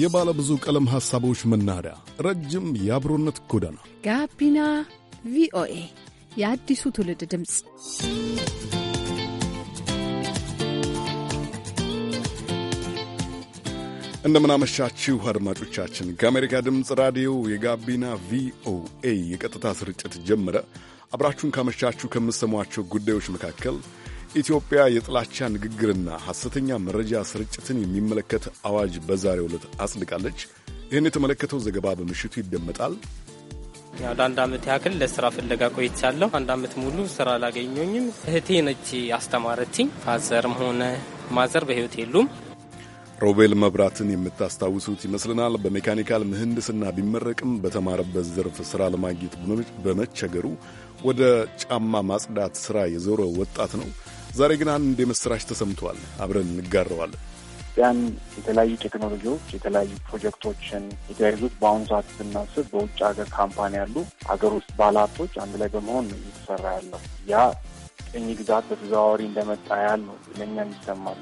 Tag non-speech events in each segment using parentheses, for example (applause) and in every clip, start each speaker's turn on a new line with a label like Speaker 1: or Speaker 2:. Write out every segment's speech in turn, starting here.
Speaker 1: የባለ ብዙ ቀለም ሐሳቦች መናኸሪያ፣ ረጅም የአብሮነት ጎዳና
Speaker 2: ጋቢና ቪኦኤ የአዲሱ ትውልድ
Speaker 3: ድምፅ።
Speaker 1: እንደምናመሻችሁ አድማጮቻችን፣ ከአሜሪካ ድምፅ ራዲዮ የጋቢና ቪኦኤ የቀጥታ ስርጭት ጀመረ። አብራችሁን ካመሻችሁ ከምትሰሟቸው ጉዳዮች መካከል ኢትዮጵያ የጥላቻ ንግግርና ሐሰተኛ መረጃ ስርጭትን የሚመለከት አዋጅ በዛሬ ዕለት አጽድቃለች። ይህን የተመለከተው ዘገባ በምሽቱ ይደመጣል።
Speaker 4: ያው ለአንድ አመት ያክል ለስራ ፍለጋ ቆይቻለሁ። አንድ አመት ሙሉ ስራ አላገኘኝም። እህቴ ነች አስተማረችኝ። ፋዘርም ሆነ ማዘር በህይወት የሉም።
Speaker 1: ሮቤል መብራትን የምታስታውሱት ይመስልናል። በሜካኒካል ምህንድስና ቢመረቅም በተማረበት ዘርፍ ስራ ለማግኘት በመቸገሩ ወደ ጫማ ማጽዳት ስራ የዞረ ወጣት ነው። ዛሬ ግን አንድ የምስራች ተሰምቷል። አብረን እንጋረዋለን።
Speaker 5: ያን የተለያዩ ቴክኖሎጂዎች የተለያዩ ፕሮጀክቶችን የተያይዙት በአሁኑ ሰዓት ስናስብ በውጭ ሀገር ካምፓኒ ያሉ ሀገር ውስጥ ባለሀብቶች አንድ ላይ በመሆን እየተሰራ ያለው ያ ቅኝ ግዛት በተዘዋዋሪ እንደመጣ ያል ነው ለእኛ ይሰማል።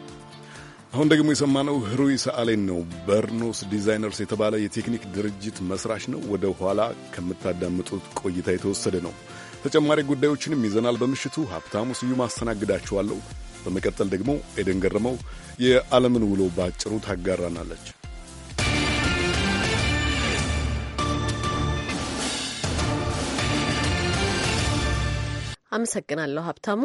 Speaker 1: አሁን ደግሞ የሰማነው ህሩይ ሰዓሌን ነው። በርኖስ ዲዛይነርስ የተባለ የቴክኒክ ድርጅት መስራች ነው። ወደ ኋላ ከምታዳምጡት ቆይታ የተወሰደ ነው። ተጨማሪ ጉዳዮችንም ይዘናል። በምሽቱ ሀብታሙ ስዩም አስተናግዳችኋለሁ። በመቀጠል ደግሞ ኤደን ገረመው የዓለምን ውሎ በአጭሩ ታጋራናለች።
Speaker 3: አመሰግናለሁ ሀብታሙ።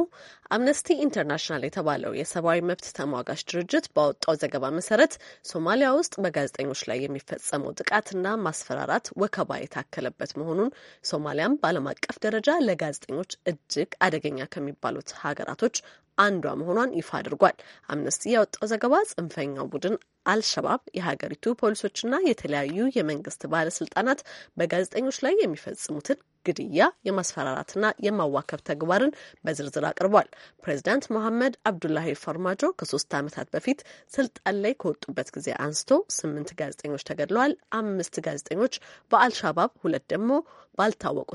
Speaker 3: አምነስቲ ኢንተርናሽናል የተባለው የሰብአዊ መብት ተሟጋች ድርጅት ባወጣው ዘገባ መሰረት ሶማሊያ ውስጥ በጋዜጠኞች ላይ የሚፈጸመው ጥቃትና ማስፈራራት ወከባ የታከለበት መሆኑን ሶማሊያም በዓለም አቀፍ ደረጃ ለጋዜጠኞች እጅግ አደገኛ ከሚባሉት ሀገራቶች አንዷ መሆኗን ይፋ አድርጓል። አምነስቲ ያወጣው ዘገባ ጽንፈኛው ቡድን አልሸባብ የሀገሪቱ ፖሊሶችና የተለያዩ የመንግስት ባለስልጣናት በጋዜጠኞች ላይ የሚፈጽሙትን ግድያ፣ የማስፈራራትና የማዋከብ ተግባርን በዝርዝር አቅርቧል። ፕሬዚዳንት መሐመድ አብዱላሂ ፈርማጆ ከሶስት ዓመታት በፊት ስልጣን ላይ ከወጡበት ጊዜ አንስቶ ስምንት ጋዜጠኞች ተገድለዋል። አምስት ጋዜጠኞች በአልሻባብ ሁለት ደግሞ ባልታወቁ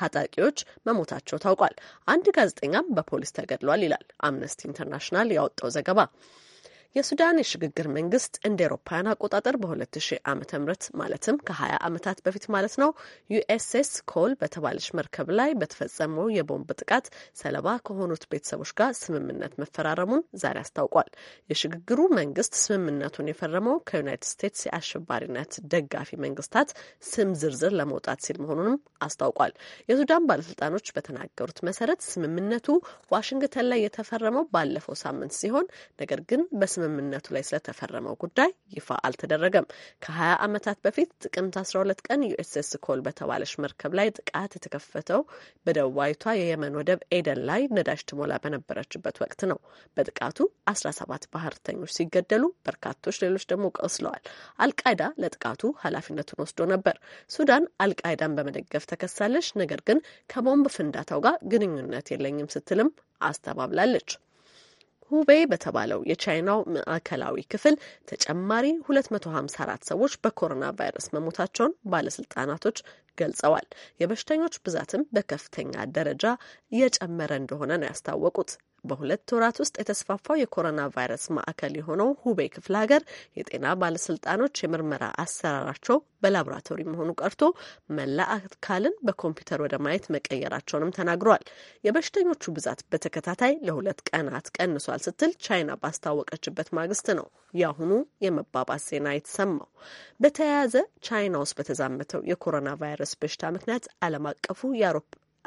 Speaker 3: ታጣቂዎች መሞታቸው ታውቋል። አንድ ጋዜጠኛም በፖሊስ ተገድሏል ይላል አምነስቲ ኢንተርናሽናል ያወጣው ዘገባ። የሱዳን የሽግግር መንግስት እንደ ኤሮፓውያን አቆጣጠር በ2000 ዓ ም ማለትም ከ20 ዓመታት በፊት ማለት ነው ዩኤስኤስ ኮል በተባለች መርከብ ላይ በተፈጸመው የቦምብ ጥቃት ሰለባ ከሆኑት ቤተሰቦች ጋር ስምምነት መፈራረሙን ዛሬ አስታውቋል። የሽግግሩ መንግስት ስምምነቱን የፈረመው ከዩናይትድ ስቴትስ የአሸባሪነት ደጋፊ መንግስታት ስም ዝርዝር ለመውጣት ሲል መሆኑንም አስታውቋል። የሱዳን ባለስልጣኖች በተናገሩት መሰረት ስምምነቱ ዋሽንግተን ላይ የተፈረመው ባለፈው ሳምንት ሲሆን ነገር ግን በስም ስምምነቱ ላይ ስለተፈረመው ጉዳይ ይፋ አልተደረገም። ከ ከ20 ዓመታት በፊት ጥቅምት 12 ቀን ዩኤስኤስ ኮል በተባለች መርከብ ላይ ጥቃት የተከፈተው በደቡባዊቷ የየመን ወደብ ኤደን ላይ ነዳጅ ትሞላ በነበረችበት ወቅት ነው። በጥቃቱ 17 ባህርተኞች ሲገደሉ በርካቶች ሌሎች ደግሞ ቆስለዋል። አልቃይዳ ለጥቃቱ ኃላፊነቱን ወስዶ ነበር። ሱዳን አልቃይዳን በመደገፍ ተከሳለች። ነገር ግን ከቦምብ ፍንዳታው ጋር ግንኙነት የለኝም ስትልም አስተባብላለች። ሁቤ በተባለው የቻይናው ማዕከላዊ ክፍል ተጨማሪ 254 ሰዎች በኮሮና ቫይረስ መሞታቸውን ባለስልጣናቶች ገልጸዋል። የበሽተኞች ብዛትም በከፍተኛ ደረጃ እየጨመረ እንደሆነ ነው ያስታወቁት። በሁለት ወራት ውስጥ የተስፋፋው የኮሮና ቫይረስ ማዕከል የሆነው ሁቤይ ክፍለ ሀገር የጤና ባለስልጣኖች የምርመራ አሰራራቸው በላቦራቶሪ መሆኑ ቀርቶ መላ አካልን በኮምፒውተር ወደ ማየት መቀየራቸውንም ተናግረዋል። የበሽተኞቹ ብዛት በተከታታይ ለሁለት ቀናት ቀንሷል ስትል ቻይና ባስታወቀችበት ማግስት ነው የአሁኑ የመባባስ ዜና የተሰማው። በተያያዘ ቻይና ውስጥ በተዛመተው የኮሮና ቫይረስ በሽታ ምክንያት ዓለም አቀፉ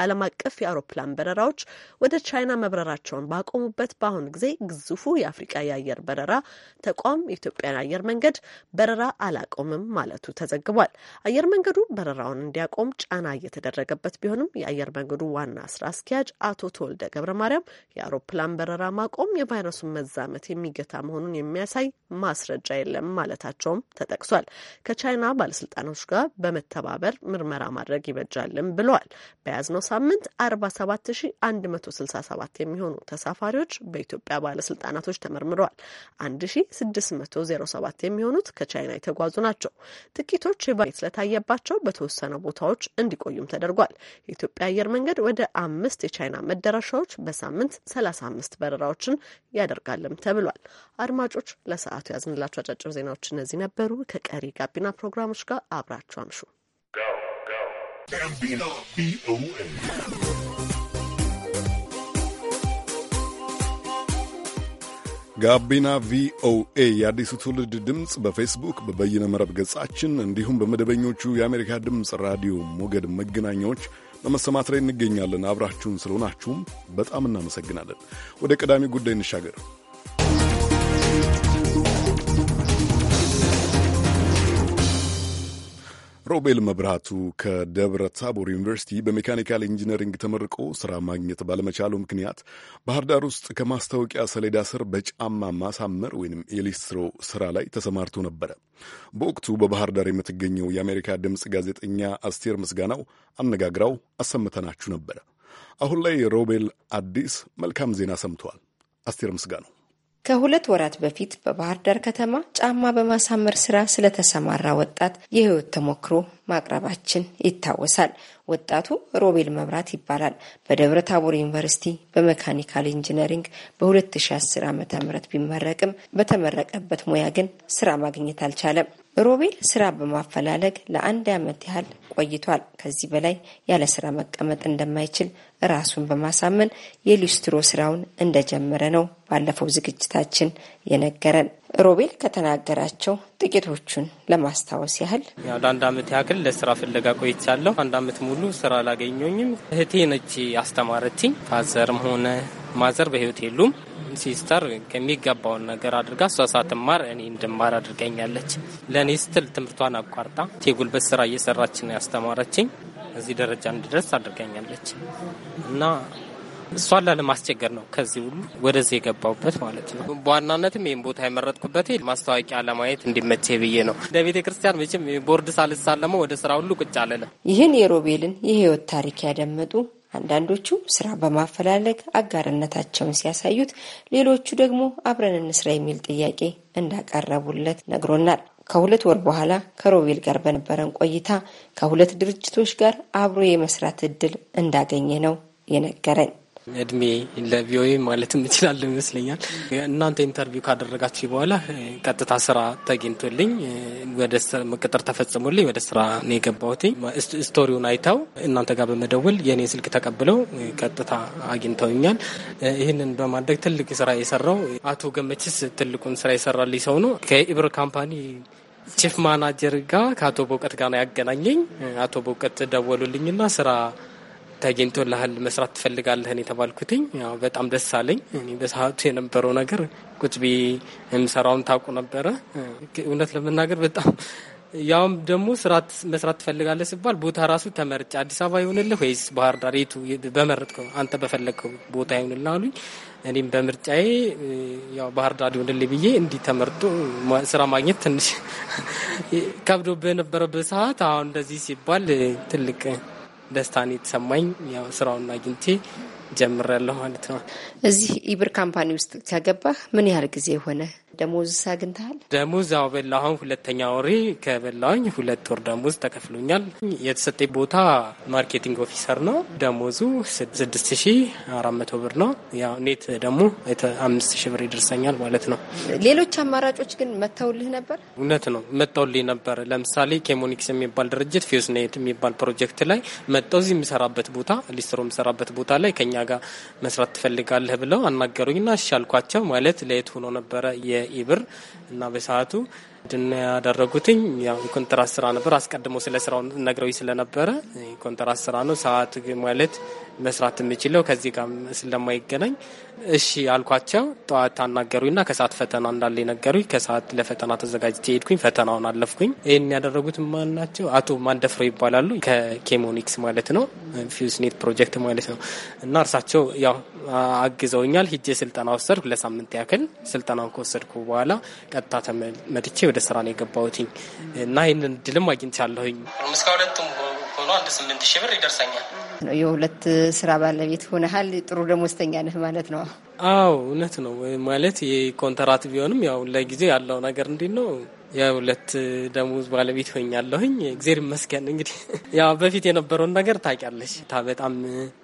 Speaker 3: ዓለም አቀፍ የአውሮፕላን በረራዎች ወደ ቻይና መብረራቸውን ባቆሙበት በአሁኑ ጊዜ ግዙፉ የአፍሪቃ የአየር በረራ ተቋም የኢትዮጵያን አየር መንገድ በረራ አላቆምም ማለቱ ተዘግቧል። አየር መንገዱ በረራውን እንዲያቆም ጫና እየተደረገበት ቢሆንም የአየር መንገዱ ዋና ስራ አስኪያጅ አቶ ተወልደ ገብረ ማርያም የአውሮፕላን በረራ ማቆም የቫይረሱን መዛመት የሚገታ መሆኑን የሚያሳይ ማስረጃ የለም ማለታቸውም ተጠቅሷል። ከቻይና ባለስልጣኖች ጋር በመተባበር ምርመራ ማድረግ ይበጃልም ብለዋል። በያዝነው ሳምንት 47167 የሚሆኑ ተሳፋሪዎች በኢትዮጵያ ባለስልጣናቶች ተመርምረዋል። 1607 የሚሆኑት ከቻይና የተጓዙ ናቸው። ጥቂቶች የቫይረስ ስለታየባቸው በተወሰነ ቦታዎች እንዲቆዩም ተደርጓል። የኢትዮጵያ አየር መንገድ ወደ አምስት የቻይና መዳረሻዎች በሳምንት 35 በረራዎችን ያደርጋልም ተብሏል። አድማጮች ለሰዓቱ ያዝንላቸው አጫጭር ዜናዎች እነዚህ ነበሩ። ከቀሪ ጋቢና ፕሮግራሞች ጋር አብራችሁ አምሹ።
Speaker 6: ጋቢና ቪኦኤ
Speaker 1: ጋቢና ቪኦኤ የአዲሱ ትውልድ ድምፅ በፌስቡክ በበይነ መረብ ገጻችን እንዲሁም በመደበኞቹ የአሜሪካ ድምፅ ራዲዮ ሞገድ መገናኛዎች በመሰማት ላይ እንገኛለን። አብራችሁን ስለሆናችሁም በጣም እናመሰግናለን። ወደ ቀዳሚ ጉዳይ እንሻገር። ሮቤል መብራቱ ከደብረ ታቦር ዩኒቨርሲቲ በሜካኒካል ኢንጂነሪንግ ተመርቆ ስራ ማግኘት ባለመቻሉ ምክንያት ባህር ዳር ውስጥ ከማስታወቂያ ሰሌዳ ስር በጫማ ማሳመር ወይም የሊስትሮ ስራ ላይ ተሰማርቶ ነበረ። በወቅቱ በባህር ዳር የምትገኘው የአሜሪካ ድምፅ ጋዜጠኛ አስቴር ምስጋናው አነጋግራው አሰምተናችሁ ነበረ። አሁን ላይ ሮቤል አዲስ መልካም ዜና ሰምተዋል። አስቴር ምስጋናው
Speaker 2: ከሁለት ወራት በፊት በባህር ዳር ከተማ ጫማ በማሳመር ስራ ስለተሰማራ ወጣት የህይወት ተሞክሮ ማቅረባችን ይታወሳል። ወጣቱ ሮቤል መብራት ይባላል። በደብረ ታቦር ዩኒቨርሲቲ በመካኒካል ኢንጂነሪንግ በ2010 ዓ ም ቢመረቅም በተመረቀበት ሙያ ግን ስራ ማግኘት አልቻለም። ሮቤል ስራ በማፈላለግ ለአንድ ዓመት ያህል ቆይቷል። ከዚህ በላይ ያለ ስራ መቀመጥ እንደማይችል ራሱን በማሳመን የሊስትሮ ስራውን እንደጀመረ ነው ባለፈው ዝግጅታችን የነገረን። ሮቤል ከተናገራቸው ጥቂቶቹን ለማስታወስ ያህል
Speaker 4: ያው ለአንድ አመት ያክል ለስራ ፍለጋ ቆይቻለሁ። አንድ አመት ሙሉ ስራ አላገኘኝም። እህቴ ነች አስተማረችኝ። ፋዘርም ሆነ ማዘር በህይወት የሉም። ሲስተር ከሚገባውን ነገር አድርጋ እሷ ሳትማር እኔ እንድማር አድርገኛለች። ለእኔ ስትል ትምህርቷን አቋርጣ የጉልበት ስራ እየሰራች ነው ያስተማረችኝ። እዚህ ደረጃ እንድደርስ አድርገኛለች እና እሷን ላለማስቸገር ነው ከዚህ ሁሉ ወደዚህ የገባውበት ማለት ነው። በዋናነትም ይህን ቦታ የመረጥኩበት ማስታወቂያ ለማየት እንዲመቼ ብዬ ነው። እንደ ቤተ ክርስቲያን መቼም ቦርድ ሳልሳለመው ወደ ስራ ሁሉ ቁጭ አለለ።
Speaker 2: ይህን የሮቤልን የህይወት ታሪክ ያደመጡ አንዳንዶቹ ስራ በማፈላለግ አጋርነታቸውን ሲያሳዩት፣ ሌሎቹ ደግሞ አብረን እንስራ የሚል ጥያቄ እንዳቀረቡለት ነግሮናል። ከሁለት ወር በኋላ ከሮቤል ጋር በነበረን ቆይታ ከሁለት ድርጅቶች ጋር አብሮ የመስራት እድል እንዳገኘ ነው የነገረን።
Speaker 4: እድሜ ለቪኦኤ ማለትም እችላለሁ ይመስለኛል። እናንተ ኢንተርቪው ካደረጋችሁ በኋላ ቀጥታ ስራ ተገኝቶልኝ ወደ ቅጥር ተፈጽሞልኝ ወደ ስራ ነው የገባሁት። ስቶሪውን አይተው እናንተ ጋር በመደወል የእኔ ስልክ ተቀብለው ቀጥታ አግኝተውኛል። ይህንን በማድረግ ትልቅ ስራ የሰራው አቶ ገመችስ ትልቁን ስራ የሰራልኝ ሰው ነው። ከኢብር ካምፓኒ ቺፍ ማናጀር ጋር ከአቶ በውቀት ጋር ነው ያገናኘኝ። አቶ በውቀት ደወሉልኝና ስራ ተገኝቶልሃል መስራት ትፈልጋለህን የተባልኩትኝ በጣም ደስ አለኝ። በሰዓቱ የነበረው ነገር ቁጭቢ የምሰራውን ታውቁ ነበረ። እውነት ለመናገር በጣም ያውም ደግሞ ስራት መስራት ትፈልጋለህ ሲባል ቦታ ራሱ ተመርጭ አዲስ አበባ ይሆንልህ ወይስ ባህር ዳር የቱ በመረጥከው አንተ በፈለግከው ቦታ ይሆንልህ አሉኝ። እኔም በምርጫዬ ያው ባህር ዳር ይሆንልህ ብዬ እንዲህ ተመርጦ ስራ ማግኘት ትንሽ (laughs) ከብዶ በነበረበት ሰዓት አሁን እንደዚህ ሲባል ትልቅ ደስታን የተሰማኝ ያው ስራውን አግኝቼ ጀምሬያለሁ ማለት ነው።
Speaker 2: እዚህ ኢብር ካምፓኒ ውስጥ ከገባህ ምን ያህል ጊዜ የሆነ? ደሞዝ
Speaker 4: አግኝተሃል? ደሞዝ ያው በላሁን ሁለተኛ ወሪ ከበላሁኝ ሁለት ወር ደሞዝ ተከፍሎኛል። የተሰጠ ቦታ ማርኬቲንግ ኦፊሰር ነው። ደሞዙ ስድስት ሺ አራት መቶ ብር ነው። ያው ኔት ደግሞ አምስት ሺ ብር ይደርሰኛል ማለት ነው። ሌሎች አማራጮች
Speaker 2: ግን መተውልህ ነበር?
Speaker 4: እውነት ነው መተውልህ ነበር። ለምሳሌ ኬሞኒክስ የሚባል ድርጅት ፊዩስኔት የሚባል ፕሮጀክት ላይ መጠው እዚህ የምሰራበት ቦታ ሊስትሮ የምሰራበት ቦታ ላይ ከኛ ጋር መስራት ትፈልጋል ትችላለህ ብለው አናገሩኝና እሺ አልኳቸው። ማለት ለየት ሆኖ ነበረ የኢብር እና በሰዓቱ ድና ያደረጉትኝ ያው የኮንትራት ስራ ነበር። አስቀድሞ ስለ ስራው ነግረው ስለነበረ ኮንትራት ስራ ነው ሰዓት ማለት መስራት የምችለው ከዚህ ጋር ስለማይገናኝ እሺ አልኳቸው። ጠዋት አናገሩኝና ከሰዓት ፈተና እንዳለ ነገሩ ከሰዓት ለፈተና ተዘጋጅቼ ሄድኩኝ። ፈተናውን አለፍኩኝ። ይህን ያደረጉት ማን ናቸው? አቶ ማንደፍረው ይባላሉ። ከኬሞኒክስ ማለት ነው ፊውስኔት ፕሮጀክት ማለት ነው። እና እርሳቸው ያው አግዘውኛል። ሂጄ ስልጠና ወሰድኩ። ለሳምንት ያክል ስልጠናውን ከወሰድኩ በኋላ ቀጥታ ተመድቼ ወደ ወደ ስራ ነው የገባሁትኝ እና ይህንን ድልም ያለሁኝ እስከ ሁለቱም ሆኖ አንድ ስምንት ሺህ ብር ይደርሰኛል።
Speaker 2: የሁለት ስራ ባለቤት ሆነሃል። ጥሩ ደሞዝተኛ ነህ ማለት ነው።
Speaker 4: አዎ እውነት ነው። ማለት የኮንትራት ቢሆንም ያው ለጊዜ ያለው ነገር እንዲ ነው ሁለት ደሞዝ ባለቤት ሆኛለሁኝ። እግዜር ይመስገን። እንግዲህ (laughs) ያው በፊት የነበረውን ነገር ታውቂያለሽ። በጣም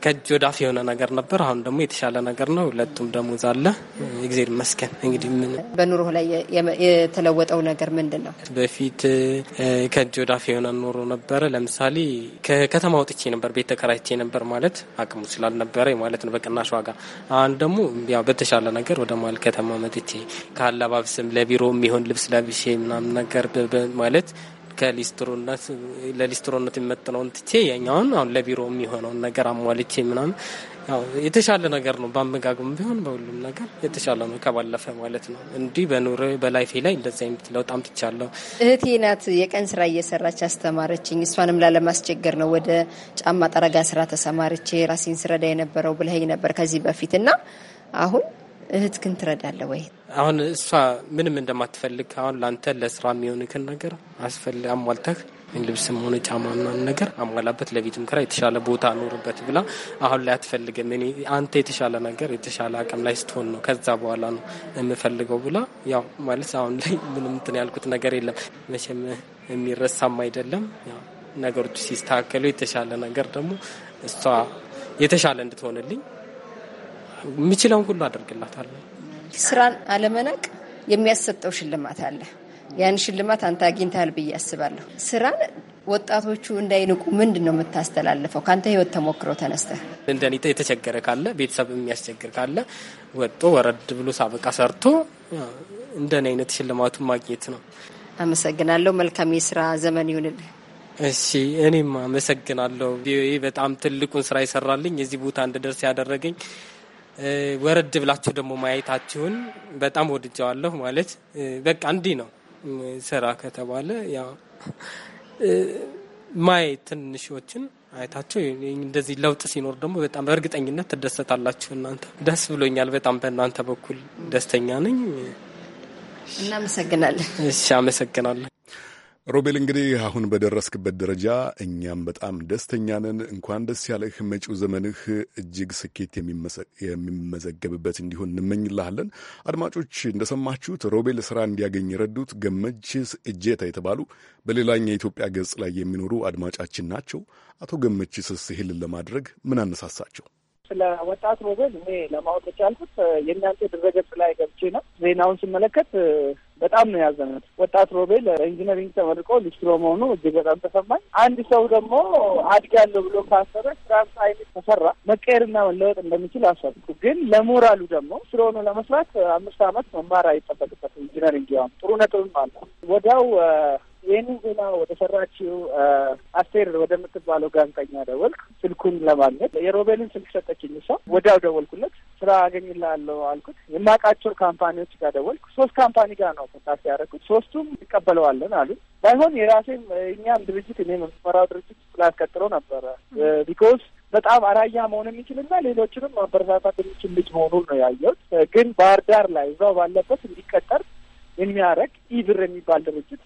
Speaker 4: ከእጅ ወዳፍ የሆነ ነገር ነበር። አሁን ደግሞ የተሻለ ነገር ነው። ሁለቱም ደሞዝ አለ። እግዜር ይመስገን። እንግዲህ ምን
Speaker 2: በኑሮ ላይ የተለወጠው ነገር ምንድን ነው?
Speaker 4: በፊት ከእጅ ወዳፍ የሆነ ኑሮ ነበረ። ለምሳሌ ከከተማ ወጥቼ ነበር፣ ቤት ተከራይቼ ነበር ማለት አቅሙ ስላልነበረ ማለት ነው፣ በቅናሽ ዋጋ። አሁን ደግሞ ያው በተሻለ ነገር ወደ መሀል ከተማ መጥቼ ከአለባብስም ለቢሮ የሚሆን ልብስ ለብሼ ምናምን ምናምን ነገር ማለት ከሊስትሮነት ለሊስትሮነት የሚመጥነውን ትቼ ያኛውን አሁን ለቢሮ የሚሆነውን ነገር አሟልቼ ምናምን ያው የተሻለ ነገር ነው። በአመጋገብ ቢሆን በሁሉም ነገር የተሻለ ነው ከባለፈ ማለት ነው። እንዲህ በኑሮ በላይፌ ላይ እንደዚ አይነት ለውጥ አምጥቻለሁ።
Speaker 2: እህቴ ናት የቀን ስራ እየሰራች አስተማረችኝ። እሷንም ላለማስቸገር ነው ወደ ጫማ ጠረጋ ስራ ተሰማርቼ ራሴን ስረዳ የነበረው ብለኸኝ ነበር ከዚህ በፊት እና አሁን እህት ግን ትረዳለ ወይ?
Speaker 4: አሁን እሷ ምንም እንደማትፈልግ አሁን ለአንተ ለስራ የሚሆንክን ነገር አስፈል አሟልተህ ልብስም ሆነ ጫማ ምናምን ነገር አሟላበት፣ ለቤትም ክራ የተሻለ ቦታ ኖርበት ብላ አሁን ላይ አትፈልግም። እኔ አንተ የተሻለ ነገር የተሻለ አቅም ላይ ስትሆን ነው ከዛ በኋላ ነው የምፈልገው ብላ ያው ማለት አሁን ላይ ምንም እንትን ያልኩት ነገር የለም። መቼም የሚረሳም አይደለም። ነገሮች ሲስተካከሉ የተሻለ ነገር ደግሞ እሷ የተሻለ እንድትሆንልኝ የሚችለውን ሁሉ አደርግላታለሁ።
Speaker 2: ስራን አለመናቅ የሚያሰጠው ሽልማት አለ። ያን ሽልማት አንተ አግኝተሃል ብዬ አስባለሁ። ስራን ወጣቶቹ እንዳይንቁ ምንድን ነው የምታስተላልፈው? ከአንተ ህይወት ተሞክሮ ተነስተ
Speaker 4: እንደኔ የተቸገረ ካለ ቤተሰብ የሚያስቸግር ካለ ወጦ ወረድ ብሎ ሳበቃ ሰርቶ እንደኔ አይነት ሽልማቱን ማግኘት ነው።
Speaker 2: አመሰግናለሁ። መልካም የስራ ዘመን ይሁንልህ።
Speaker 4: እሺ፣ እኔም አመሰግናለሁ። በጣም ትልቁን ስራ ይሰራልኝ፣ የዚህ ቦታ እንድደርስ ያደረገኝ ወረድ ብላችሁ ደግሞ ማየታችሁን በጣም ወድጀዋለሁ። ማለት በቃ እንዲህ ነው ስራ ከተባለ ያው ማየት ትንሾችን አይታቸው እንደዚህ ለውጥ ሲኖር ደግሞ በጣም በእርግጠኝነት ትደሰታላችሁ። እናንተ ደስ ብሎኛል። በጣም በእናንተ በኩል ደስተኛ ነኝ።
Speaker 2: እናመሰግናለን።
Speaker 1: እሺ፣ አመሰግናለን። ሮቤል እንግዲህ አሁን በደረስክበት ደረጃ እኛም በጣም ደስተኛ ነን። እንኳን ደስ ያለህ። መጪው ዘመንህ እጅግ ስኬት የሚመዘገብበት እንዲሆን እንመኝልሃለን። አድማጮች እንደሰማችሁት ሮቤል ስራ እንዲያገኝ የረዱት ገመችስ እጄታ የተባሉ በሌላኛ የኢትዮጵያ ገጽ ላይ የሚኖሩ አድማጫችን ናቸው። አቶ ገመችስስ ይህንን ለማድረግ ምን አነሳሳቸው?
Speaker 7: ስለ ወጣት ሮቤል እኔ ለማወቅ የቻልኩት የእናንተ ድረገጽ ላይ ገብቼ ነው። ዜናውን ስመለከት በጣም ነው ያዘነት። ወጣት ሮቤል ኢንጂነሪንግ ተመርቆ ሊስትሮ መሆኑ እጅግ በጣም ተሰማኝ። አንድ ሰው ደግሞ አድጋለሁ ብሎ ካሰበ ስራንስ ሳይንስ ተሰራ መቀየርና መለወጥ እንደሚችል አሰብኩ። ግን ለሞራሉ ደግሞ ስለሆኑ ለመስራት አምስት አመት መማር አይጠበቅበት ኢንጂነሪንግ ያው ጥሩ ነጥብም አለ ወዲያው ይህንን ዜና ወደ ሰራችው አስቴር ወደምትባለው ጋዜጠኛ ደወልክ ስልኩን ለማግኘት የሮቤልን ስልክ ሰጠችኝ። እሷ ወዲያው ደወልኩለት። ስራ አገኝልሃለሁ አልኩት። የማውቃቸው ካምፓኒዎች ጋር ደወልኩ። ሶስት ካምፓኒ ጋር ነው ኮንታክት ያደረኩት። ሶስቱም ይቀበለዋለን አሉ። ባይሆን የራሴም እኛም ድርጅት እኔ የምመራው ድርጅት ላስቀጥለው ነበረ ቢኮዝ በጣም አራያ መሆን የሚችልና ሌሎችንም ማበረታታት የሚችል ልጅ መሆኑን ነው ያየሁት። ግን ባህር ዳር ላይ እዛው ባለበት እንዲቀጠር የሚያደርግ ኢብር የሚባል ድርጅት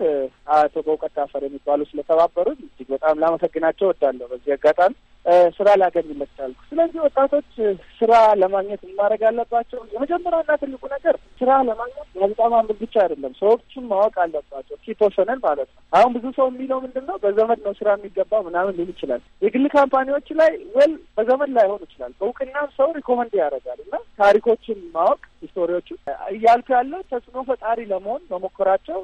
Speaker 7: አቶ በውቀት ታፈር የሚባሉ ስለተባበሩት እጅግ በጣም ላመሰግናቸው እወዳለሁ። በዚህ አጋጣሚ ስራ ላገኝለት ቻልኩ። ስለዚህ ወጣቶች ስራ ለማግኘት ማድረግ አለባቸው። የመጀመሪያና ትልቁ ነገር ስራ ለማግኘት ጋዜጣ ማንበብ ብቻ አይደለም፣ ሰዎችን ማወቅ አለባቸው። ኪፐርሰንን ማለት ነው። አሁን ብዙ ሰው የሚለው ምንድን ነው፣ በዘመድ ነው ስራ የሚገባ ምናምን ሊል ይችላል። የግል ካምፓኒዎች ላይ ወል በዘመድ ላይሆን ይችላል፣ በእውቅናም ሰው ሪኮመንድ ያደርጋል እና ታሪኮችን ማወቅ ሂስቶሪዎቹ እያልኩ ያለው ተጽዕኖ ፈጣሪ ለመሆን መሞከራቸው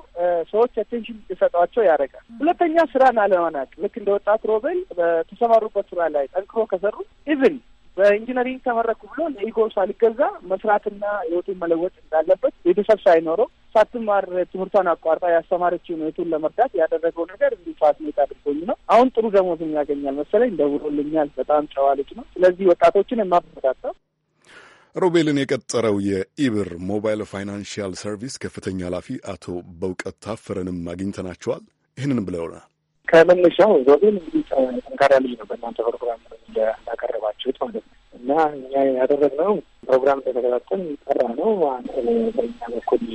Speaker 7: ሰዎች አቴንሽን ሊሰጧቸው ያደርጋል። ሁለተኛ ስራን አለመናቅ ልክ እንደ ወጣት ሮቤል በተሰማሩበት ስራ ስራ ላይ ጠንክሮ ከሰሩ ኢቭን በኢንጂነሪንግ ተመረኩ ብሎ ለኢጎ ሳልገዛ መስራትና ህይወቱን መለወጥ እንዳለበት ቤተሰብ ሳይኖረው ሳትማር ትምህርቷን አቋርጣ ያስተማረችውን እህቱን ለመርዳት ያደረገው ነገር እንዲ ፋስሜት አድርጎኝ ነው። አሁን ጥሩ ደሞዝም ያገኛል መሰለኝ፣ ደውሎልኛል። በጣም ጨዋ ልጅ ነው። ስለዚህ ወጣቶችን የማበረታታው
Speaker 1: ሮቤልን የቀጠረው የኢብር ሞባይል ፋይናንሽል ሰርቪስ ከፍተኛ ኃላፊ አቶ በውቀት ታፈረንም አግኝተናቸዋል። ይህንን ብለውናል።
Speaker 8: ከመነሻው ዞብል እንግዲህ ጠንካራ ልጅ ነው። በእናንተ ፕሮግራም እንዳቀረባችሁት ማለት ነው እና እኛ ያደረግነው ፕሮግራም እንደተከታተል ጠራ ነው። በኛ በኩል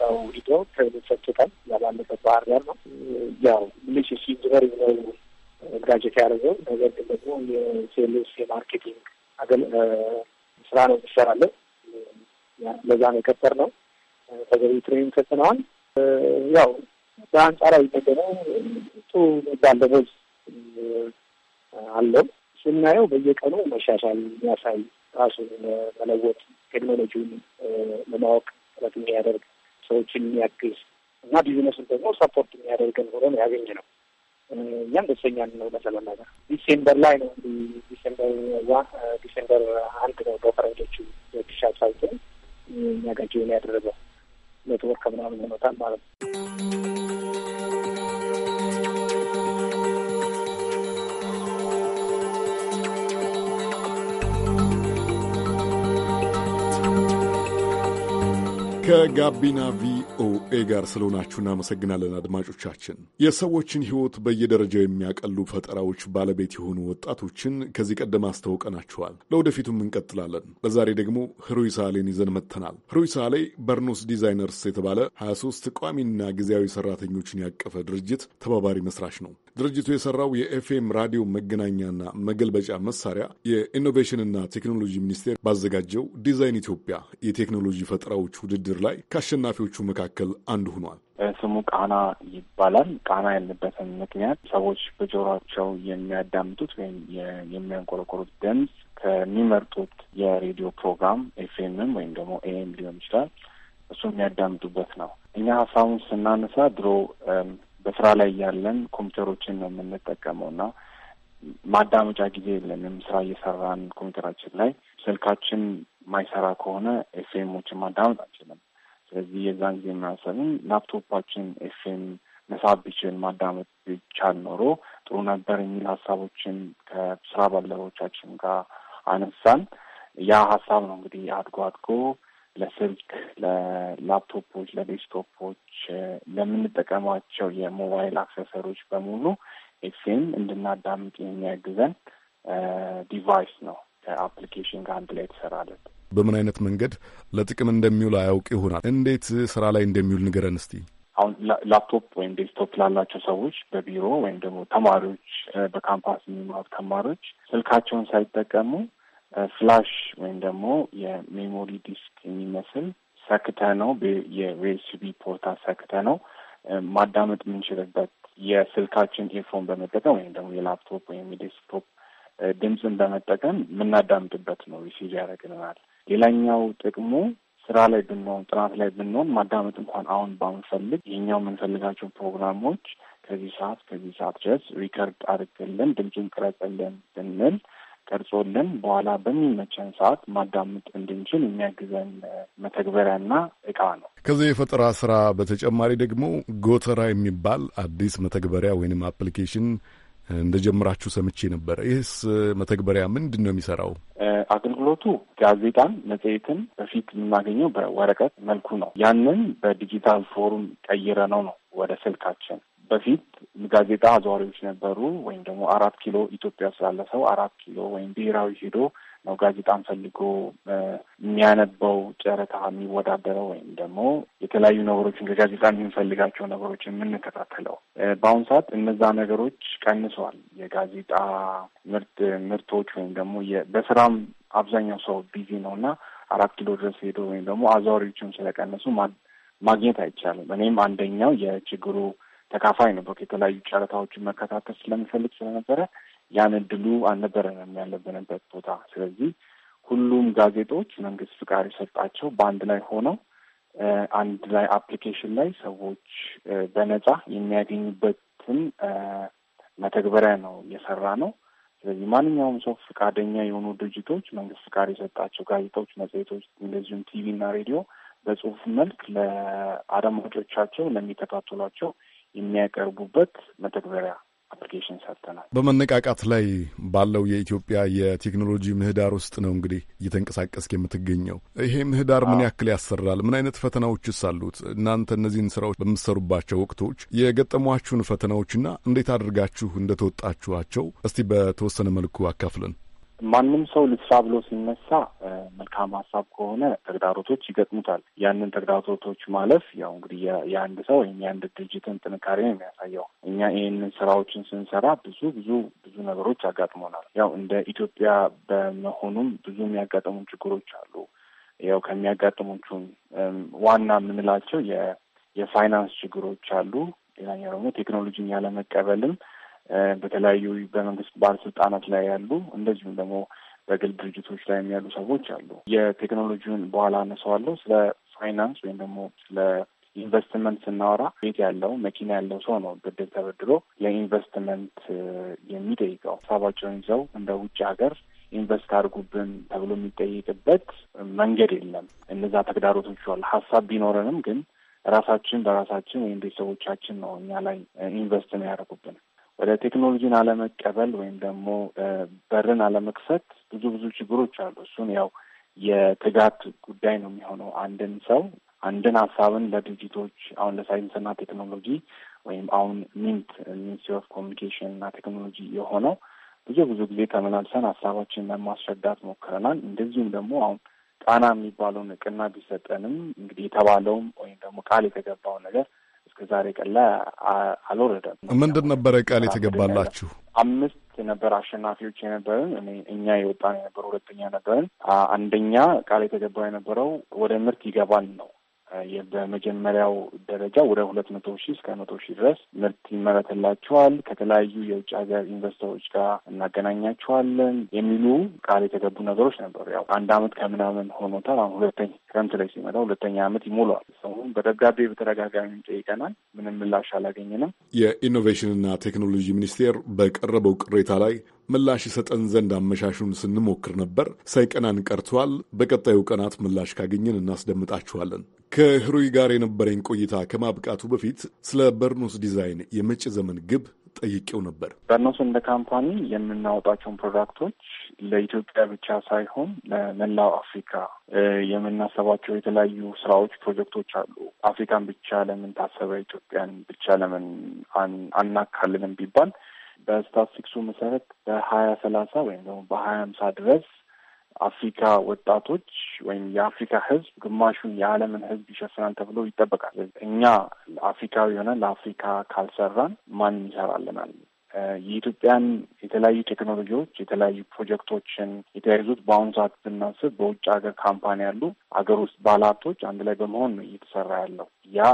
Speaker 8: ሰው ሂዶ ተብሎ ሰጥቶታል። ያባለበት ባህር ዳር ነው። ያው ልጅ ሲዝበር ነው ግራጅት ያደረገው ነገር ግን ደግሞ የሴልስ የማርኬቲንግ አገል ስራ ነው ይሰራለን። ለዛ ነው የቀጠር ነው ተገቢ ትሬኒንግ ሰጥነዋል። ያው በአንጻራዊ ነገሩ ጥሩ የሚባል ደረጃ አለው። ስናየው በየቀኑ መሻሻል የሚያሳይ ራሱን ለመለወጥ ቴክኖሎጂውን ለማወቅ ጥረት የሚያደርግ ሰዎችን የሚያግዝ እና ቢዝነስን ደግሞ ሰፖርት የሚያደርገን ሆኖ ነው ያገኘ ነው። እኛም ደስተኛ ነው። መሰለ ነገር ዲሴምበር ላይ ነው እንዲ ዲሴምበር ዋ ዲሴምበር አንድ ነው በፈረንጆቹ ሁለት ሺህ አስራ ዘጠኝ እኛ ያደረገው ሁለት ወር ከምናምን ማለት ነው።
Speaker 1: ከጋቢና ቪኦኤ ጋር ስለሆናችሁ እናመሰግናለን አድማጮቻችን። የሰዎችን ሕይወት በየደረጃው የሚያቀሉ ፈጠራዎች ባለቤት የሆኑ ወጣቶችን ከዚህ ቀደም አስተዋውቀናችኋል። ለወደፊቱም እንቀጥላለን። በዛሬ ደግሞ ህሩይ ሳሌን ይዘን መጥተናል። ህሩይ ሳሌ በርኖስ ዲዛይነርስ የተባለ 23 ቋሚና ጊዜያዊ ሰራተኞችን ያቀፈ ድርጅት ተባባሪ መስራች ነው። ድርጅቱ የሰራው የኤፍኤም ራዲዮ መገናኛና መገልበጫ መሳሪያ የኢኖቬሽንና ቴክኖሎጂ ሚኒስቴር ባዘጋጀው ዲዛይን ኢትዮጵያ የቴክኖሎጂ ፈጠራዎች ውድድር ውድድር ላይ ከአሸናፊዎቹ መካከል አንዱ ሆኗል።
Speaker 5: ስሙ ቃና ይባላል። ቃና ያለበትን ምክንያት ሰዎች በጆሯቸው የሚያዳምጡት ወይም የሚያንቆረቆሩት ድምፅ ከሚመርጡት የሬዲዮ ፕሮግራም ኤፍኤምም ወይም ደግሞ ኤኤም ሊሆን ይችላል እሱ የሚያዳምጡበት ነው። እኛ ሀሳቡን ስናነሳ ድሮ በስራ ላይ ያለን ኮምፒውተሮችን ነው የምንጠቀመው እና ማዳመጫ ጊዜ የለንም። ስራ እየሰራን ኮምፒውተራችን ላይ ስልካችን ማይሰራ ከሆነ ኤፍኤሞችን ማዳመጥ አንችልም። ስለዚህ የዛን ጊዜ የሚያሰብን ላፕቶፓችን ኤፍኤም መሳብ ቢችል ማዳመጥ ቢቻል ኖሮ ጥሩ ነበር የሚል ሀሳቦችን ከስራ ባልደረቦቻችን ጋር አነሳን። ያ ሀሳብ ነው እንግዲህ አድጎ አድጎ ለስልክ፣ ለላፕቶፖች፣ ለዴስክቶፖች ለምንጠቀማቸው የሞባይል አክሰሰሪዎች በሙሉ ኤፍኤም እንድናዳምጥ የሚያግዘን ዲቫይስ ነው ከአፕሊኬሽን ጋር አንድ ላይ የተሰራለት።
Speaker 1: በምን አይነት መንገድ ለጥቅም እንደሚውል አያውቅ ይሆናል። እንዴት ስራ ላይ እንደሚውል ንገረን እስቲ።
Speaker 5: አሁን ላፕቶፕ ወይም ዴስክቶፕ ላላቸው ሰዎች በቢሮ ወይም ደግሞ ተማሪዎች፣ በካምፓስ የሚማሩ ተማሪዎች ስልካቸውን ሳይጠቀሙ ፍላሽ ወይም ደግሞ የሜሞሪ ዲስክ የሚመስል ሰክተ ነው የዩኤስቢ ፖርታ ሰክተ ነው ማዳመጥ የምንችልበት የስልካችን ኤርፎን በመጠቀም ወይም ደግሞ የላፕቶፕ ወይም የዴስክቶፕ ድምፅን በመጠቀም የምናዳምጥበት ነው። ሪሲቭ ያደረግልናል። ሌላኛው ጥቅሙ ስራ ላይ ብንሆን ጥናት ላይ ብንሆን ማዳመጥ እንኳን አሁን ባንፈልግ ይህኛው የምንፈልጋቸው ፕሮግራሞች ከዚህ ሰዓት ከዚህ ሰዓት ድረስ ሪከርድ አድርግልን ድምፁን ቅረጸልን ብንል ቀርጾልን በኋላ በሚመቸን ሰዓት ማዳመጥ እንድንችል የሚያግዘን መተግበሪያና እቃ ነው።
Speaker 1: ከዚህ የፈጠራ ስራ በተጨማሪ ደግሞ ጎተራ የሚባል አዲስ መተግበሪያ ወይንም አፕሊኬሽን እንደጀምራችሁ ሰምቼ ነበረ። ይህስ መተግበሪያ ምንድን ነው የሚሰራው?
Speaker 5: አገልግሎቱ ጋዜጣን፣ መጽሔትን በፊት የምናገኘው በወረቀት መልኩ ነው። ያንን በዲጂታል ፎርም ቀይረ ነው ነው ወደ ስልካችን በፊት ጋዜጣ አዘዋሪዎች ነበሩ፣ ወይም ደግሞ አራት ኪሎ ኢትዮጵያ ስላለ ሰው አራት ኪሎ ወይም ብሔራዊ ሄዶ ነው ጋዜጣን ፈልጎ የሚያነበው ጨረታ የሚወዳደረው ወይም ደግሞ የተለያዩ ነገሮችን ከጋዜጣ የምንፈልጋቸው ነገሮች የምንከታተለው። በአሁኑ ሰዓት እነዛ ነገሮች ቀንሰዋል። የጋዜጣ ምርት ምርቶች ወይም ደግሞ በስራም አብዛኛው ሰው ቢዚ ነው እና አራት ኪሎ ድረስ ሄዶ ወይም ደግሞ አዛዋሪዎችም ስለቀነሱ ማግኘት አይቻልም። እኔም አንደኛው የችግሩ ተካፋይ ነው። የተለያዩ ጨረታዎችን መከታተል ስለሚፈልግ ስለነበረ ያን እድሉ አልነበረንም ያለብንበት ቦታ። ስለዚህ ሁሉም ጋዜጦች መንግስት ፍቃድ የሰጣቸው በአንድ ላይ ሆነው አንድ ላይ አፕሊኬሽን ላይ ሰዎች በነጻ የሚያገኙበትን መተግበሪያ ነው እየሰራ ነው። ስለዚህ ማንኛውም ሰው ፈቃደኛ የሆኑ ድርጅቶች መንግስት ፍቃድ የሰጣቸው ጋዜጦች፣ መጽሔቶች፣ እንደዚሁም ቲቪ እና ሬዲዮ በጽሁፍ መልክ ለአድማጮቻቸው ለሚከታተሏቸው የሚያቀርቡበት መተግበሪያ አፕሊኬሽን ሰጥተናል።
Speaker 1: በመነቃቃት ላይ ባለው የኢትዮጵያ የቴክኖሎጂ ምህዳር ውስጥ ነው እንግዲህ እየተንቀሳቀስክ የምትገኘው። ይሄ ምህዳር ምን ያክል ያሰራል? ምን አይነት ፈተናዎችስ አሉት? እናንተ እነዚህን ስራዎች በምትሰሩባቸው ወቅቶች የገጠሟችሁን ፈተናዎችና እንዴት አድርጋችሁ እንደተወጣችኋቸው እስቲ በተወሰነ መልኩ አካፍለን
Speaker 5: ማንም ሰው ልስራ ብሎ ሲነሳ መልካም ሀሳብ ከሆነ ተግዳሮቶች ይገጥሙታል። ያንን ተግዳሮቶች ማለፍ ያው እንግዲህ የአንድ ሰው ወይም የአንድ ድርጅትን ጥንካሬ ነው የሚያሳየው። እኛ ይህንን ስራዎችን ስንሰራ ብዙ ብዙ ብዙ ነገሮች ያጋጥመናል። ያው እንደ ኢትዮጵያ በመሆኑም ብዙ የሚያጋጥሙን ችግሮች አሉ። ያው ከሚያጋጥሙቹም ዋና የምንላቸው የፋይናንስ ችግሮች አሉ። ሌላኛው ደግሞ ቴክኖሎጂን ያለመቀበልም በተለያዩ በመንግስት ባለስልጣናት ላይ ያሉ እንደዚሁም ደግሞ በግል ድርጅቶች ላይ የሚያሉ ሰዎች አሉ። የቴክኖሎጂውን በኋላ አነሳዋለሁ። ስለ ፋይናንስ ወይም ደግሞ ስለ ኢንቨስትመንት ስናወራ ቤት ያለው መኪና ያለው ሰው ነው ብድር ተበድሮ ለኢንቨስትመንት የሚጠይቀው። ሀሳባቸውን ይዘው እንደ ውጭ ሀገር ኢንቨስት አድርጉብን ተብሎ የሚጠይቅበት መንገድ የለም። እነዛ ተግዳሮቶች አሉ። ሀሳብ ቢኖረንም ግን ራሳችን በራሳችን ወይም ቤተሰቦቻችን ነው እኛ ላይ ኢንቨስት ነው ያደርጉብን። ወደ ቴክኖሎጂን አለመቀበል ወይም ደግሞ በርን አለመክፈት ብዙ ብዙ ችግሮች አሉ። እሱን ያው የትጋት ጉዳይ ነው የሚሆነው። አንድን ሰው አንድን ሀሳብን ለድርጅቶች አሁን ለሳይንስና ቴክኖሎጂ ወይም አሁን ሚንት ሚኒስትሪ ኦፍ ኮሚኒኬሽን እና ቴክኖሎጂ የሆነው ብዙ ብዙ ጊዜ ተመላልሰን ሀሳባችን ለማስረዳት ሞክረናል። እንደዚሁም ደግሞ አሁን ጣና የሚባለውን እቅና ቢሰጠንም እንግዲህ የተባለውም ወይም ደግሞ ቃል የተገባው ነገር ዛሬ ቀን ላይ አልወረደም።
Speaker 1: ምንድን ነበረ ቃል የተገባላችሁ?
Speaker 5: አምስት ነበር አሸናፊዎች የነበርን እኛ የወጣን የነበረው ሁለተኛ ነበርን። አንደኛ ቃል የተገባው የነበረው ወደ ምርት ይገባል ነው በመጀመሪያው ደረጃ ወደ ሁለት መቶ ሺህ እስከ መቶ ሺህ ድረስ ምርት ይመረትላቸዋል ከተለያዩ የውጭ ሀገር ኢንቨስተሮች ጋር እናገናኛቸዋለን የሚሉ ቃል የተገቡ ነገሮች ነበሩ። ያው አንድ አመት ከምናምን ሆኖታል። አሁን ሁለተኛ ክረምት ላይ ሲመጣ ሁለተኛ አመት ይሞላዋል። ሰሁን በደብዳቤ በተደጋጋሚ ጠይቀናል። ምንም ምላሽ አላገኘንም።
Speaker 1: የኢኖቬሽንና ቴክኖሎጂ ሚኒስቴር በቀረበው ቅሬታ ላይ ምላሽ ይሰጠን ዘንድ አመሻሹን ስንሞክር ነበር። ሳይቀናን ቀርተዋል። በቀጣዩ ቀናት ምላሽ ካገኘን እናስደምጣችኋለን። ከህሩይ ጋር የነበረኝ ቆይታ ከማብቃቱ በፊት ስለ በርኖስ ዲዛይን የመጪ ዘመን ግብ ጠይቄው ነበር።
Speaker 5: በርኖስ እንደ ካምፓኒ የምናወጣቸውን ፕሮዳክቶች ለኢትዮጵያ ብቻ ሳይሆን ለመላው አፍሪካ የምናሰባቸው የተለያዩ ስራዎች፣ ፕሮጀክቶች አሉ። አፍሪካን ብቻ ለምን ታሰበ ኢትዮጵያን ብቻ ለምን አናካልንም ቢባል በስታትስቲክሱ መሰረት በሀያ ሰላሳ ወይም ደግሞ በሀያ ሀምሳ ድረስ አፍሪካ ወጣቶች ወይም የአፍሪካ ህዝብ ግማሹን የዓለምን ህዝብ ይሸፍናል ተብሎ ይጠበቃል። እኛ አፍሪካዊ የሆነ ለአፍሪካ ካልሰራን ማን ይሰራልናል? የኢትዮጵያን የተለያዩ ቴክኖሎጂዎች የተለያዩ ፕሮጀክቶችን የተያይዙት በአሁኑ ሰዓት ብናስብ በውጭ ሀገር ካምፓኒ ያሉ ሀገር ውስጥ ባለሀብቶች አንድ ላይ በመሆን ነው እየተሰራ ያለው ያ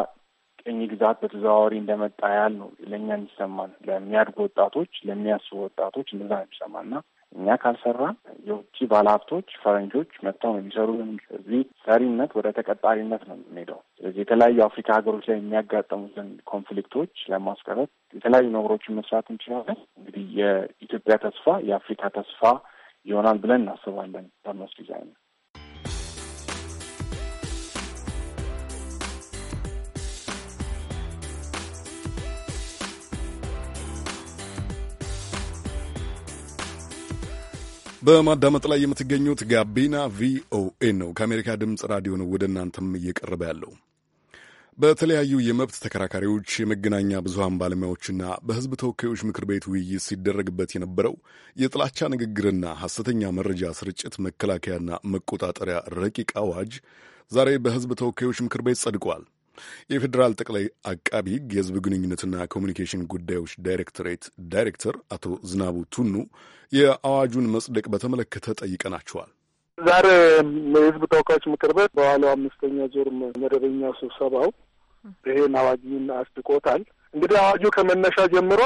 Speaker 5: ቅኝ ግዛት በተዘዋዋሪ እንደመጣ ያህል ነው ለእኛ የሚሰማን። ለሚያድጉ ወጣቶች፣ ለሚያስቡ ወጣቶች እንደዛ ነው የሚሰማን እና እኛ ካልሰራን የውጭ ባለሀብቶች ፈረንጆች መጥተው ነው የሚሰሩ። እዚህ ሰሪነት ወደ ተቀጣሪነት ነው የምንሄደው።
Speaker 3: ስለዚህ የተለያዩ
Speaker 5: አፍሪካ ሀገሮች ላይ የሚያጋጠሙትን ኮንፍሊክቶች ለማስቀረት የተለያዩ ነገሮችን መስራት እንችላለን። እንግዲህ የኢትዮጵያ ተስፋ የአፍሪካ ተስፋ ይሆናል ብለን እናስባለን። ተርመስ ዲዛይን
Speaker 1: በማዳመጥ ላይ የምትገኙት ጋቢና ቪኦኤ ነው። ከአሜሪካ ድምፅ ራዲዮ ነው ወደ እናንተም እየቀረበ ያለው። በተለያዩ የመብት ተከራካሪዎች፣ የመገናኛ ብዙሃን ባለሙያዎችና በሕዝብ ተወካዮች ምክር ቤት ውይይት ሲደረግበት የነበረው የጥላቻ ንግግርና ሐሰተኛ መረጃ ስርጭት መከላከያና መቆጣጠሪያ ረቂቅ አዋጅ ዛሬ በሕዝብ ተወካዮች ምክር ቤት ጸድቋል። የፌዴራል ጠቅላይ አቃቢ ሕግ የህዝብ ግንኙነትና ኮሚኒኬሽን ጉዳዮች ዳይሬክቶሬት ዳይሬክተር አቶ ዝናቡ ቱኑ የአዋጁን መጽደቅ በተመለከተ ጠይቀናቸዋል።
Speaker 9: ዛሬ የህዝብ ተወካዮች ምክር ቤት በዋለው አምስተኛ ዙር መደበኛ ስብሰባው ይሄን አዋጅን አጽድቆታል። እንግዲህ አዋጁ ከመነሻ ጀምሮ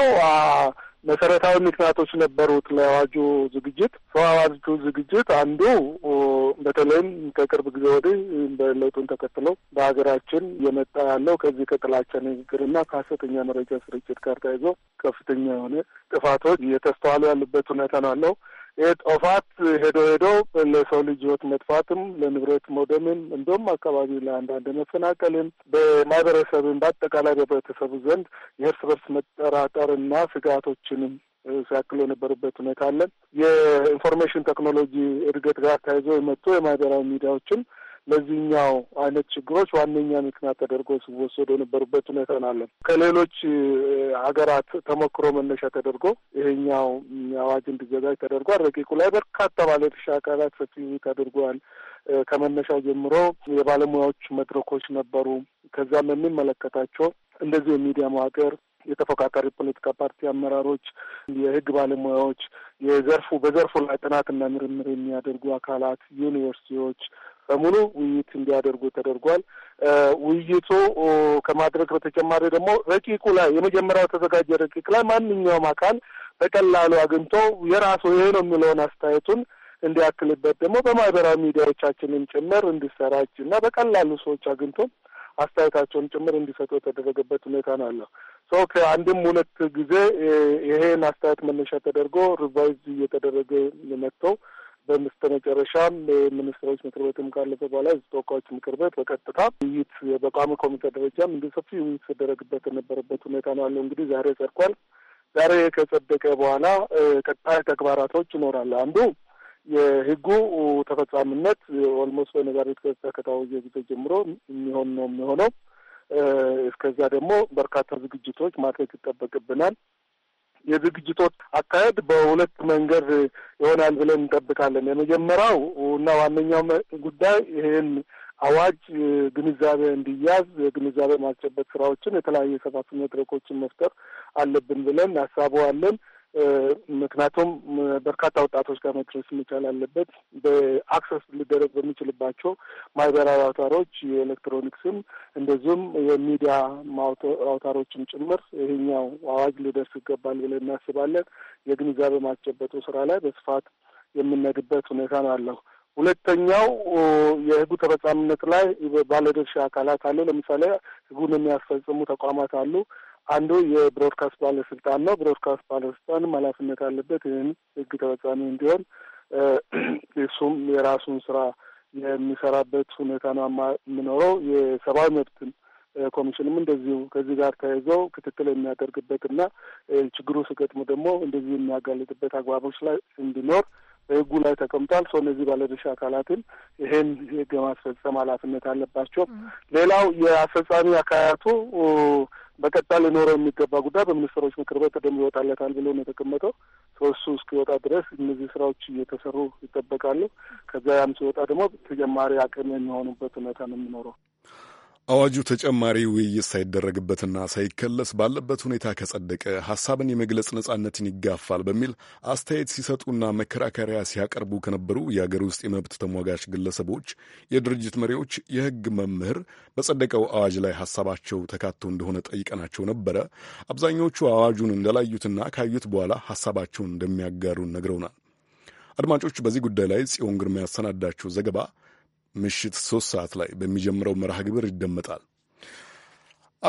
Speaker 9: መሰረታዊ ምክንያቶች ነበሩት ለአዋጁ ዝግጅት ከአዋጁ ዝግጅት አንዱ በተለይም ከቅርብ ጊዜ ወዲህ በለውጡን ተከትለው በሀገራችን የመጣ ያለው ከዚህ ከጥላቻ ንግግርና ከሀሰተኛ መረጃ ስርጭት ጋር ተያይዞ ከፍተኛ የሆነ ጥፋቶች እየተስተዋሉ ያሉበት ሁኔታ ነው ያለው። ይህ ጦፋት ሄዶ ሄዶ ለሰው ልጅ ህይወት መጥፋትም ለንብረት መውደምም እንዲሁም አካባቢ ለአንዳንድ መፈናቀልም በማህበረሰብም በአጠቃላይ በህብረተሰቡ ዘንድ የእርስ በርስ መጠራጠርና ስጋቶችንም ሲያክል የነበሩበት ሁኔታ አለን። የኢንፎርሜሽን ቴክኖሎጂ እድገት ጋር ተያይዞ የመጡ የማህበራዊ ሚዲያዎችን ለዚህኛው አይነት ችግሮች ዋነኛ ምክንያት ተደርጎ ሲወሰዱ የነበሩበት ሁኔታ ናለን። ከሌሎች ሀገራት ተሞክሮ መነሻ ተደርጎ ይሄኛው አዋጅ እንዲዘጋጅ ተደርጓል። ረቂቁ ላይ በርካታ ባለድርሻ አካላት ሰፊ ተደርጓል። ከመነሻው ጀምሮ የባለሙያዎች መድረኮች ነበሩ። ከዛም የሚመለከታቸው እንደዚህ የሚዲያ መዋቅር የተፎካካሪ ፖለቲካ ፓርቲ አመራሮች፣ የህግ ባለሙያዎች፣ የዘርፉ በዘርፉ ላይ ጥናትና ምርምር የሚያደርጉ አካላት፣ ዩኒቨርሲቲዎች፣ በሙሉ ውይይት እንዲያደርጉ ተደርጓል። ውይይቱ ከማድረግ በተጨማሪ ደግሞ ረቂቁ ላይ የመጀመሪያው የተዘጋጀ ረቂቅ ላይ ማንኛውም አካል በቀላሉ አግኝቶ የራሱ ይሄ ነው የሚለውን አስተያየቱን እንዲያክልበት ደግሞ በማህበራዊ ሚዲያዎቻችንም ጭምር እንዲሰራጭ እና በቀላሉ ሰዎች አግኝቶ አስተያየታቸውን ጭምር እንዲሰጡ የተደረገበት ሁኔታ ነው ያለው። ሰው ከአንድም ሁለት ጊዜ ይሄን አስተያየት መነሻ ተደርጎ ሪቫይዝ እየተደረገ መጥተው በምስተ መጨረሻም የሚኒስትሮች ምክር ቤትም ካለፈ በኋላ ህዝብ ተወካዮች ምክር ቤት በቀጥታ ውይይት በቋሚ ኮሚቴ ደረጃም እንዲ ሰፊ ውይይት ሲደረግበት የነበረበት ሁኔታ ነው ያለው። እንግዲህ ዛሬ ጸድቋል። ዛሬ ከጸደቀ በኋላ ቀጣይ ተግባራቶች ይኖራሉ። አንዱ የህጉ ተፈጻሚነት ኦልሞስት በነጋሪት ጋዜጣ ከታወጀ ጊዜ ጀምሮ የሚሆን ነው የሚሆነው። እስከዛ ደግሞ በርካታ ዝግጅቶች ማድረግ ይጠበቅብናል። የዝግጅቶች አካሄድ በሁለት መንገድ ይሆናል ብለን እንጠብቃለን። የመጀመሪያው እና ዋነኛው ጉዳይ ይህን አዋጅ ግንዛቤ እንዲያዝ የግንዛቤ ማስጨበጥ ስራዎችን የተለያዩ የሰፋፊ መድረኮችን መፍጠር አለብን ብለን አሳበዋለን። ምክንያቱም በርካታ ወጣቶች ጋር መድረስ መቻል አለበት። በአክሰስ ሊደረግ በሚችልባቸው ማህበራዊ አውታሮች የኤሌክትሮኒክስም፣ እንደዚሁም የሚዲያ አውታሮችም ጭምር ይሄኛው አዋጅ ሊደርስ ይገባል ብለን እናስባለን። የግንዛቤ ማስጨበጡ ስራ ላይ በስፋት የምነግበት ሁኔታ ነው ያለው። ሁለተኛው የህጉ ተፈጻሚነት ላይ ባለድርሻ አካላት አለ ለምሳሌ ህጉን የሚያስፈጽሙ ተቋማት አሉ። አንዱ የብሮድካስት ባለስልጣን ነው። ብሮድካስት ባለስልጣንም ኃላፊነት አለበት ይህን ህግ ተፈጻሚ እንዲሆን እሱም የራሱን ስራ የሚሰራበት ሁኔታ ነው የምኖረው። የሰብአዊ መብትን ኮሚሽንም እንደዚሁ ከዚህ ጋር ተያይዘው ክትትል እና ችግሩ ስገጥሙ ደግሞ እንደዚህ የሚያጋልጥበት አግባቦች ላይ እንዲኖር በህጉ ላይ ተቀምጧል። ሰው እነዚህ ባለድርሻ አካላትን ይሄን ህግ የማስፈጸም ኃላፊነት አለባቸው። ሌላው የአስፈጻሚ አካላቱ በቀጣ ሊኖረው የሚገባ ጉዳይ በሚኒስትሮች ምክር ቤት ቀደም ይወጣለታል ብሎ ነው የተቀመጠው። እሱ እስኪወጣ ድረስ እነዚህ ስራዎች እየተሰሩ ይጠበቃሉ። ከዚያ ያም ሲወጣ ደግሞ ተጨማሪ አቅም የሚሆኑበት ሁኔታ ነው የሚኖረው።
Speaker 1: አዋጁ ተጨማሪ ውይይት ሳይደረግበትና ሳይከለስ ባለበት ሁኔታ ከጸደቀ ሐሳብን የመግለጽ ነጻነትን ይጋፋል በሚል አስተያየት ሲሰጡና መከራከሪያ ሲያቀርቡ ከነበሩ የአገር ውስጥ የመብት ተሟጋች ግለሰቦች፣ የድርጅት መሪዎች፣ የሕግ መምህር በጸደቀው አዋጅ ላይ ሐሳባቸው ተካቶ እንደሆነ ጠይቀናቸው ነበረ። አብዛኞቹ አዋጁን እንደላዩትና ካዩት በኋላ ሐሳባቸውን እንደሚያጋሩን ነግረውናል። አድማጮች፣ በዚህ ጉዳይ ላይ ጽዮን ግርማ ያሰናዳቸው ዘገባ ምሽት ሶስት ሰዓት ላይ በሚጀምረው መርሃ ግብር ይደመጣል።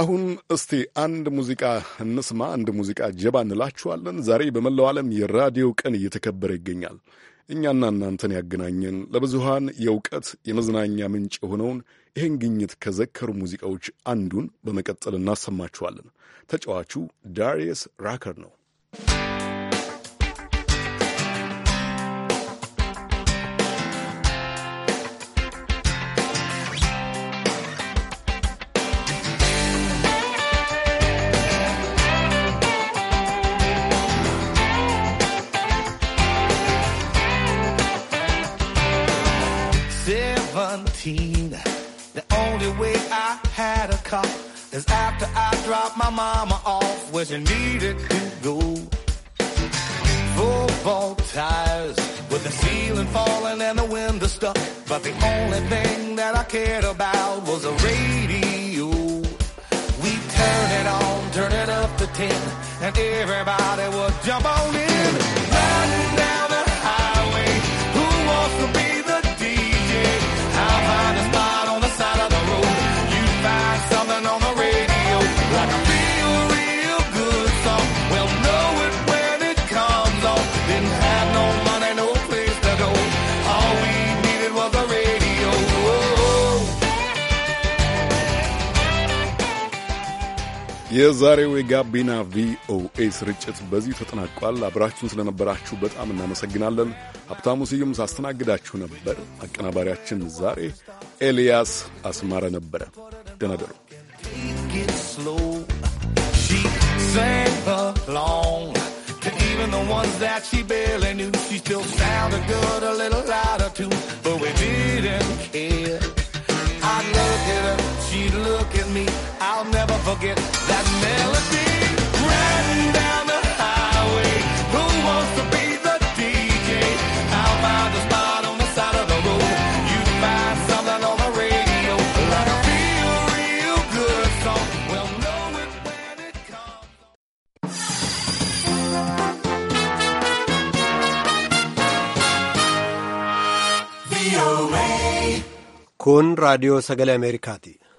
Speaker 1: አሁን እስቲ አንድ ሙዚቃ እንስማ። አንድ ሙዚቃ ጀባ እንላችኋለን። ዛሬ በመላው ዓለም የራዲዮ ቀን እየተከበረ ይገኛል። እኛና እናንተን ያገናኘን ለብዙሃን የእውቀት የመዝናኛ ምንጭ የሆነውን ይህን ግኝት ከዘከሩ ሙዚቃዎች አንዱን በመቀጠል እናሰማችኋለን። ተጫዋቹ ዳሪየስ ራከር ነው።
Speaker 6: The only way I had a car is after I dropped my mama off where she needed to go. Football tires with the ceiling falling and the window stuck. But the only thing that I cared about was a radio. We turn it on, turn it up to 10, and everybody would jump on in. Riding down
Speaker 1: የዛሬው የጋቢና ቪኦኤ ስርጭት በዚህ ተጠናቋል። አብራችሁን ስለነበራችሁ በጣም እናመሰግናለን። ሀብታሙ ስዩም ሳስተናግዳችሁ ነበር። አቀናባሪያችን ዛሬ ኤልያስ አስማረ ነበረ። ደናደሩ
Speaker 6: She'd look at me forget that melody. who wants to be the DJ? the the real, song. Well,
Speaker 4: Kun raadiyoo sagale Ameerikaati.